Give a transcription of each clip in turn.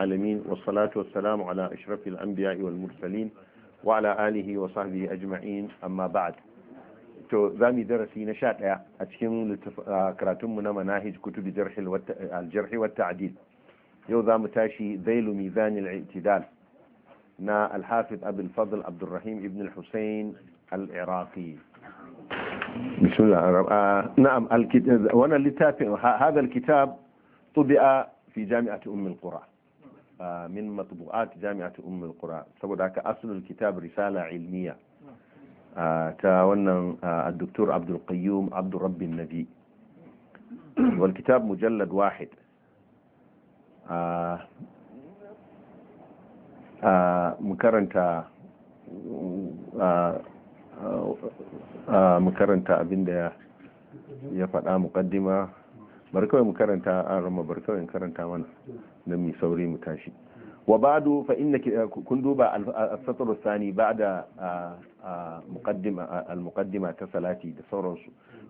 العالمين والصلاة والسلام على أشرف الأنبياء والمرسلين وعلى آله وصحبه أجمعين أما بعد تو زامي درسي نشاط يا أتكلم لتف... آه، كراتم من مناهج كتب الجرح والت... الجرح والتعديل يو زام تاشي ذيل ميزان الاعتدال نا الحافظ أبي الفضل عبد الرحيم ابن الحسين العراقي بسم الله آه نعم الكتاب وانا لتافي... هذا الكتاب طبع في جامعة أم القرآن min matbu'at jami'at ummul qura saboda haka aslul kitab risala ilmiya ta wannan al-doktor Abdul Qayyum Abdul Rabbi Nabi wal kitab mujallad wahid a karanta mu karanta abinda ya faɗa muqaddima barkawai mu karanta an rama barkawai kawai karanta mana نمي سوري متاشي وبعد فإنك كندوبة السطر الثاني بعد مقدمة المقدمة تسلاتي دسورنس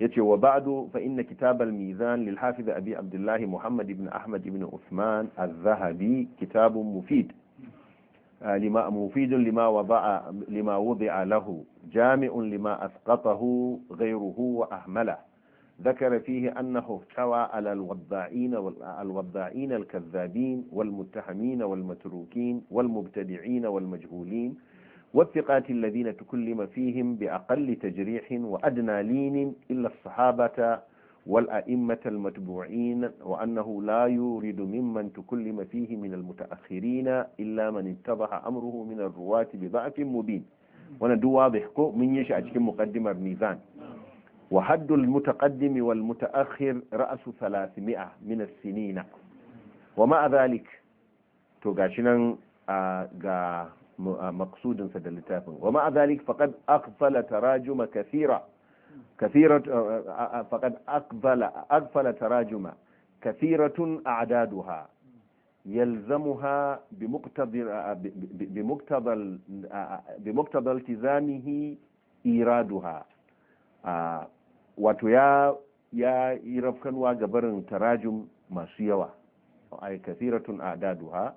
يتي وبعد فإن كتاب الميزان للحافظ أبي عبد الله محمد بن أحمد بن عثمان الذهبي كتاب مفيد لما مفيد لما وضع لما وضع له جامع لما أسقطه غيره وأهمله ذكر فيه أنه افتوى على الوضاعين الوضاعين الكذابين والمتهمين والمتروكين والمبتدعين والمجهولين والثقات الذين تكلم فيهم بأقل تجريح وأدنى لين إلا الصحابة والأئمة المتبوعين وأنه لا يورد ممن تكلم فيه من المتأخرين إلا من اتضح أمره من الرواة بضعف مبين وانا واضح من يشأ مقدمة ميزان wa haddul mutaqaddimi wal mutaakhir ra'su 300 min as-sinina wa ma'a dhalik to gashi nan ga maqsudin da littafin wa ma'a dhalik faqad aghfala tarajuma kathira كثيرة فقد أقبل أقبل تراجم كثيرة أعدادها يلزمها بمقتضى بمقتضى بمقتضى التزامه إيرادها wato ya ya yi rafkanwa ga barin tarajum masu yawa a kathiratun ha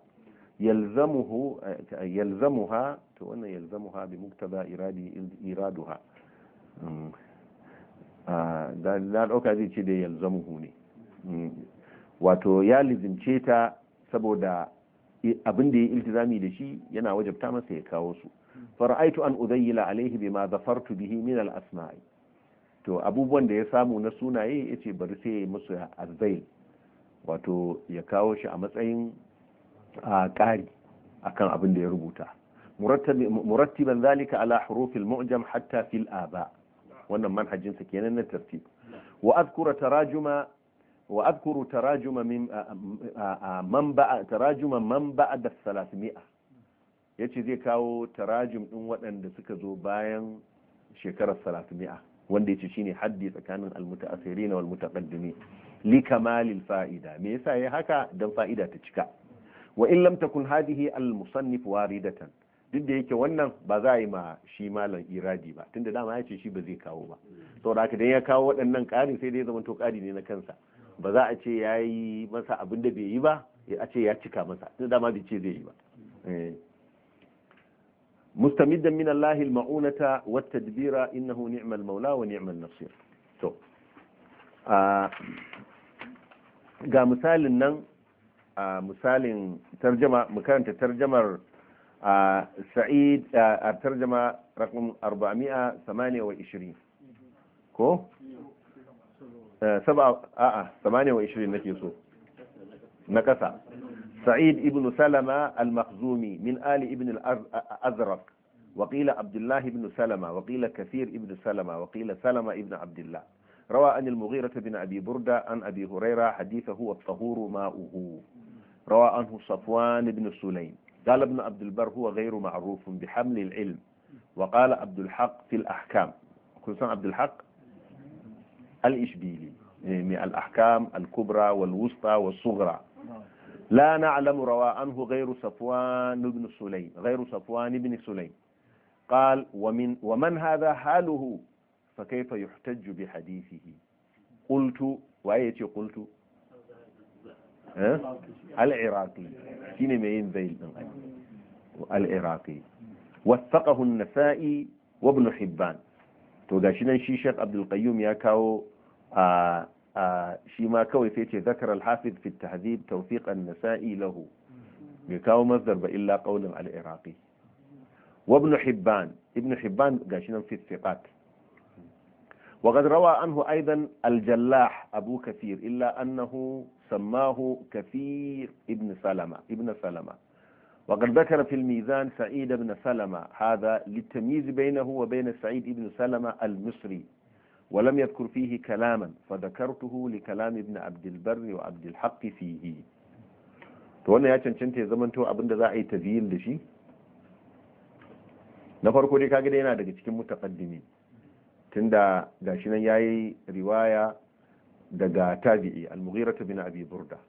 yalzamu eh, ha to wannan ha bi muktaba iradu ha mm. ah, da ɗauka zai ce da yalzamuhu ne mm. wato ya lizince ta saboda abin da ya iltizami da shi yana wajabta masa ya kawo su fara'aitu an uzayyila alaihi bima zafartu bihi min al-asma'i to abubuwan da ya samu na sunaye ya ce bari sai ya musu azzail wato ya kawo shi a matsayin a ƙari akan abin da ya rubuta murattiban zalika ala hurufin mu'jam hatta fil aba wannan manhajinsa kenan na tartib wa azkura tarajuma wa azkuru tarajuma min man ba'a tarajuma man ba'a da salasmi'a yace zai kawo tarajum ɗin waɗanda suka zo bayan shekarar 300 wanda ya yace shine haddi tsakanin almutaasirin wal mutaqaddimin li kamalil fa'ida me yasa yayi haka dan fa'ida ta cika wa in lam takun hadhihi al musannif waridatan duk da yake wannan ba za a yi ma shi malam iradi ba tunda dama ya ce shi ba zai kawo ba saboda haka dan ya kawo waɗannan ƙarin sai dai to ƙari ne na kansa ba za a ce yayi masa abin da bai yi ba a ce ya cika masa tunda dama bai ce zai yi ba eh. مستمدا من الله المعونة maunata إنه نعم innahu ni'mal النصير wa ni'mal ga misalin nan misalin tarjama makaranta tarjamar sa'id a 428 ko? saba a'a 28 nake so na ƙasa سعيد ابن سلمة المخزومي من آل ابن الأزرق وقيل عبد الله بن سلمة وقيل كثير ابن سلمة وقيل سلمة ابن عبد الله روى عن المغيرة بن أبي بردة عن أبي هريرة حديثه الطهور ماؤه روى عنه صفوان بن سليم قال ابن عبد البر هو غير معروف بحمل العلم وقال عبد الحق في الأحكام سنة عبد الحق الإشبيلي إيه، من الأحكام الكبرى والوسطى والصغرى la na'lamu rawa anhu ghayru sulai ibn sulaym ghayru safwan ibn sulaym قال ومن ومن هذا حاله فكيف يحتج بحديثه قلت وايتي قلت العراقي شنو مين ذيل العراقي وثقه النسائي وابن حبان to gashi nan shi shak Abdul Qayyum ya kawo a آه، شيما كوي تيتي ذكر الحافظ في التهذيب توثيق النسائي له يكاو مصدر إلا قول العراقي وابن حبان ابن حبان قاشنا في الثقات وقد روى عنه أيضا الجلاح أبو كثير إلا أنه سماه كثير ابن سلمة ابن سلمة وقد ذكر في الميزان سعيد بن سلمة هذا للتمييز بينه وبين سعيد بن سلمة المصري ولم يذكر فيه كلاما فذكرته لكلام ابن عبد البر وعبد الحق فيه to wannan ya cancanta ya zamanto abinda za a yi taziyin da shi na farko dai kaga da yana daga cikin mutaqaddimi tunda gashi nan yayi riwaya daga tabi'i al-mughira bin abi burda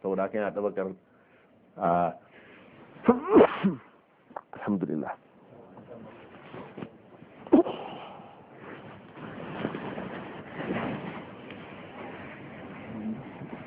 saboda haka yana tabakar alhamdulillah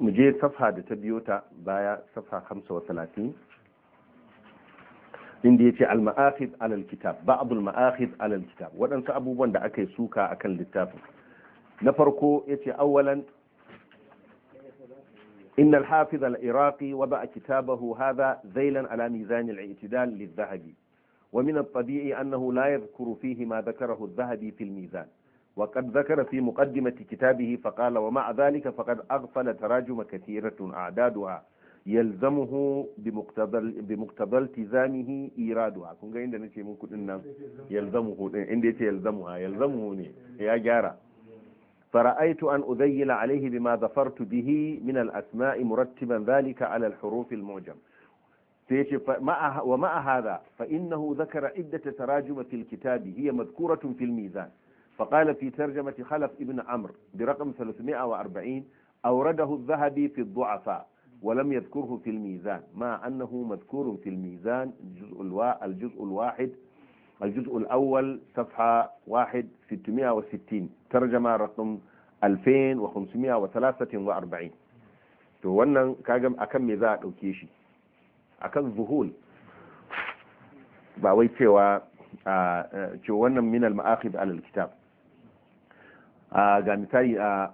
muje je safha da ta biyo ta baya safha 35 inda yace al-ma'akhid ala al kitab ba'd al-ma'akhid ala al kitab waɗansu abubuwan da akai suka akan littafin na farko yace awwalan إن الحافظ العراقي وضع كتابه هذا ذيلا على ميزان الاعتدال للذهبي ومن الطبيعي أنه لا يذكر فيه ما ذكره الذهبي في الميزان وقد ذكر في مقدمة كتابه فقال ومع ذلك فقد أغفل تراجم كثيرة أعدادها يلزمه بمقتضى بمقتضى التزامه إيرادها كون ga inda nace muku din nan yalzamuhu يلزمه يا جارة فرأيت أن أذيل عليه بما ظفرت به من الأسماء مرتبا ذلك على الحروف المعجم ومع هذا فإنه ذكر عدة تراجم في الكتاب هي مذكورة في الميزان فقال في ترجمة خلف ابن عمرو برقم 340 أورده الذهبي في الضعفاء ولم يذكره في الميزان مع أنه مذكور في الميزان الجزء, الوا... الجزء الواحد الجزء الأول صفحة واحد 660 ترجمة رقم 2543 توانا wannan kaga akan me أكم a ɗauke shi akan من المآخذ على الكتاب آه، ga misali آه،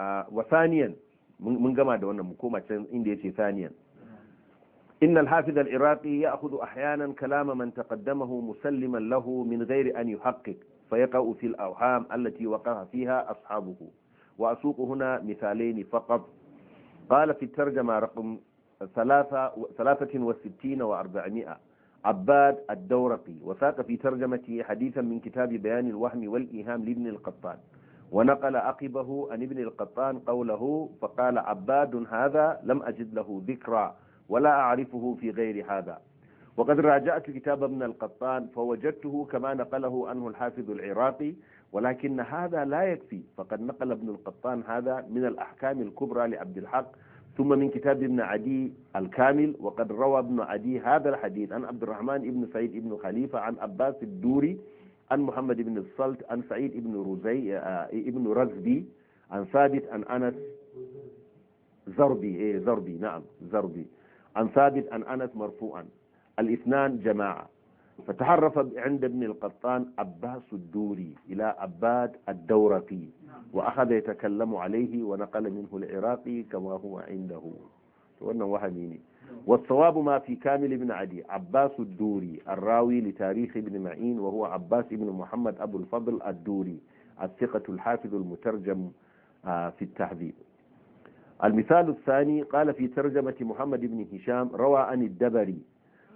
آه، wa saniyan mun gama da wannan mu ثانيا إن الحافظ العراقي يأخذ أحيانا كلام من تقدمه مسلما له من غير أن يحقق فيقع في الأوهام التي وقع فيها أصحابه وأسوق هنا مثالين فقط قال في الترجمة رقم ثلاثة, ثلاثة وستين وأربعمائة عباد الدورقي وثاق في ترجمته حديثا من كتاب بيان الوهم والإيهام لابن القطان ونقل عقبه عن ابن القطان قوله فقال عباد هذا لم أجد له ذكرى ولا أعرفه في غير هذا وقد راجعت كتاب ابن القطان فوجدته كما نقله عنه الحافظ العراقي ولكن هذا لا يكفي فقد نقل ابن القطان هذا من الأحكام الكبرى لعبد الحق ثم من كتاب ابن عدي الكامل وقد روى ابن عدي هذا الحديث عن عبد الرحمن بن سعيد بن خليفة عن عباس الدوري عن محمد بن الصلت عن سعيد بن رزي آه، ابن رزبي عن ثابت عن أنس زربي إيه زربي نعم زربي عن ثابت عن أنس مرفوعا الاثنان جماعة فتحرف عند ابن القطان عباس الدوري إلى عباد الدورقي وأخذ يتكلم عليه ونقل منه العراقي كما هو عنده وأنه والصواب ما في كامل بن عدي عباس الدوري الراوي لتاريخ ابن معين وهو عباس بن محمد أبو الفضل الدوري الثقة الحافظ المترجم آه، في التحذيب المثال الثاني قال في ترجمة محمد بن هشام روى عن الدبري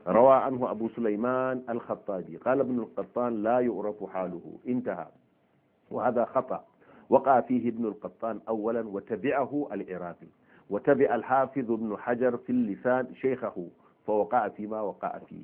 روى عنه أبو سليمان الخطابي قال ابن القطان لا يعرف حاله انتهى وهذا خطأ وقع فيه ابن القطان أولا وتبعه العراقي وتبع الحافظ ابن حجر في اللسان شيخه فوقع فيما وقع فيه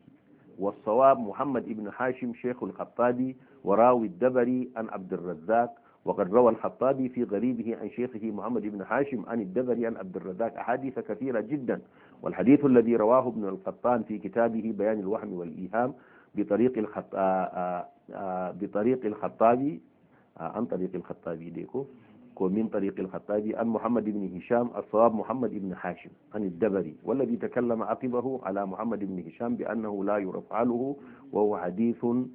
والصواب محمد ابن حاشم شيخ الخطابي وراوي الدبري عن عبد الرزاق وقد روى الخطابي في غريبه عن شيخه محمد بن حاشم عن الدبري عن عبد الرزاق أحاديث كثيرة جدا والحديث الذي رواه ابن القطان في كتابه بيان الوهم والإيهام بطريق الخط... آه، آه، آه، بطريق الخطابي آه، عن طريق الخطابي ديكو ومن طريق الخطابي عن محمد بن هشام الصواب محمد بن حاشم عن الدبري والذي تكلم عقبه على محمد بن هشام بأنه لا يرفعله وهو حديث وترى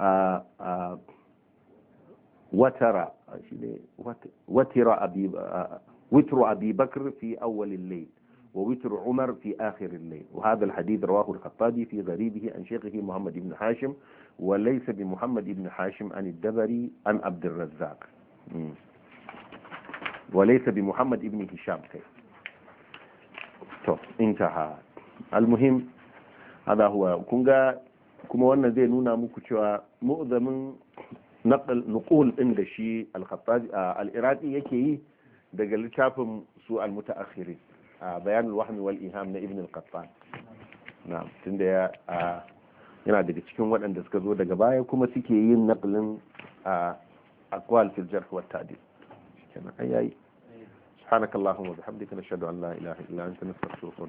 آه، آه، وتر وتر أبي وتر أبي بكر في أول الليل ووتر عمر في آخر الليل وهذا الحديث رواه الخطابي في غريبه عن شيخه محمد بن حاشم وليس بمحمد بن حاشم عن الدبري عن عبد الرزاق وليس بمحمد بن هشام كيف انتهى المهم هذا هو كونغا كما وانا زي نونا مكتوى مؤذم نقل نقول ان da shi al-iraqi دقل شافم سوء المتأخرين a bayanin wahmi wal iham na ibn al-qattan na'am tunda ya yana daga cikin waɗanda suka zo daga baya kuma suke yin naqlin aqwal fil jarh wa ta'dil kenan ayayi subhanakallahumma wa bihamdika nashhadu an la ilaha illa anta nastaghfiruka